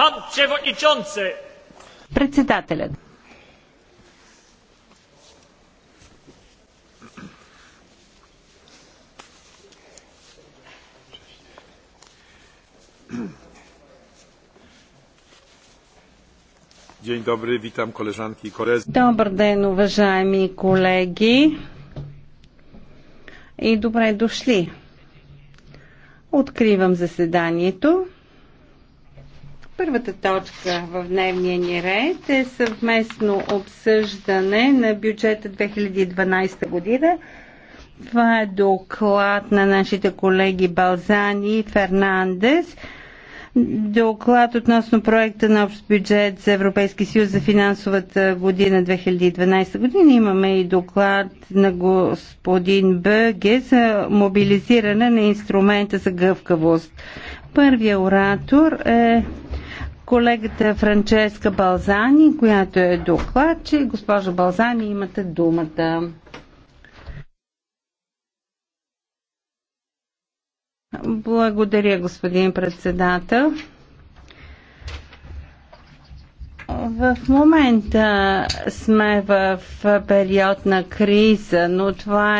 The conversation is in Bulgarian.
Pan Председателят. Добър ден, уважаеми колеги. И добре дошли. Откривам заседанието. Първата точка в дневния ни ред е съвместно обсъждане на бюджета 2012 година. Това е доклад на нашите колеги Балзани и Фернандес. Доклад относно проекта на общ бюджет за Европейски съюз за финансовата година 2012 година. Имаме и доклад на господин Бъге за мобилизиране на инструмента за гъвкавост. Първия оратор е колегата Франческа Балзани, която е докладчик. Госпожо Балзани, имате думата. Благодаря, господин председател. В момента сме в период на криза, но това е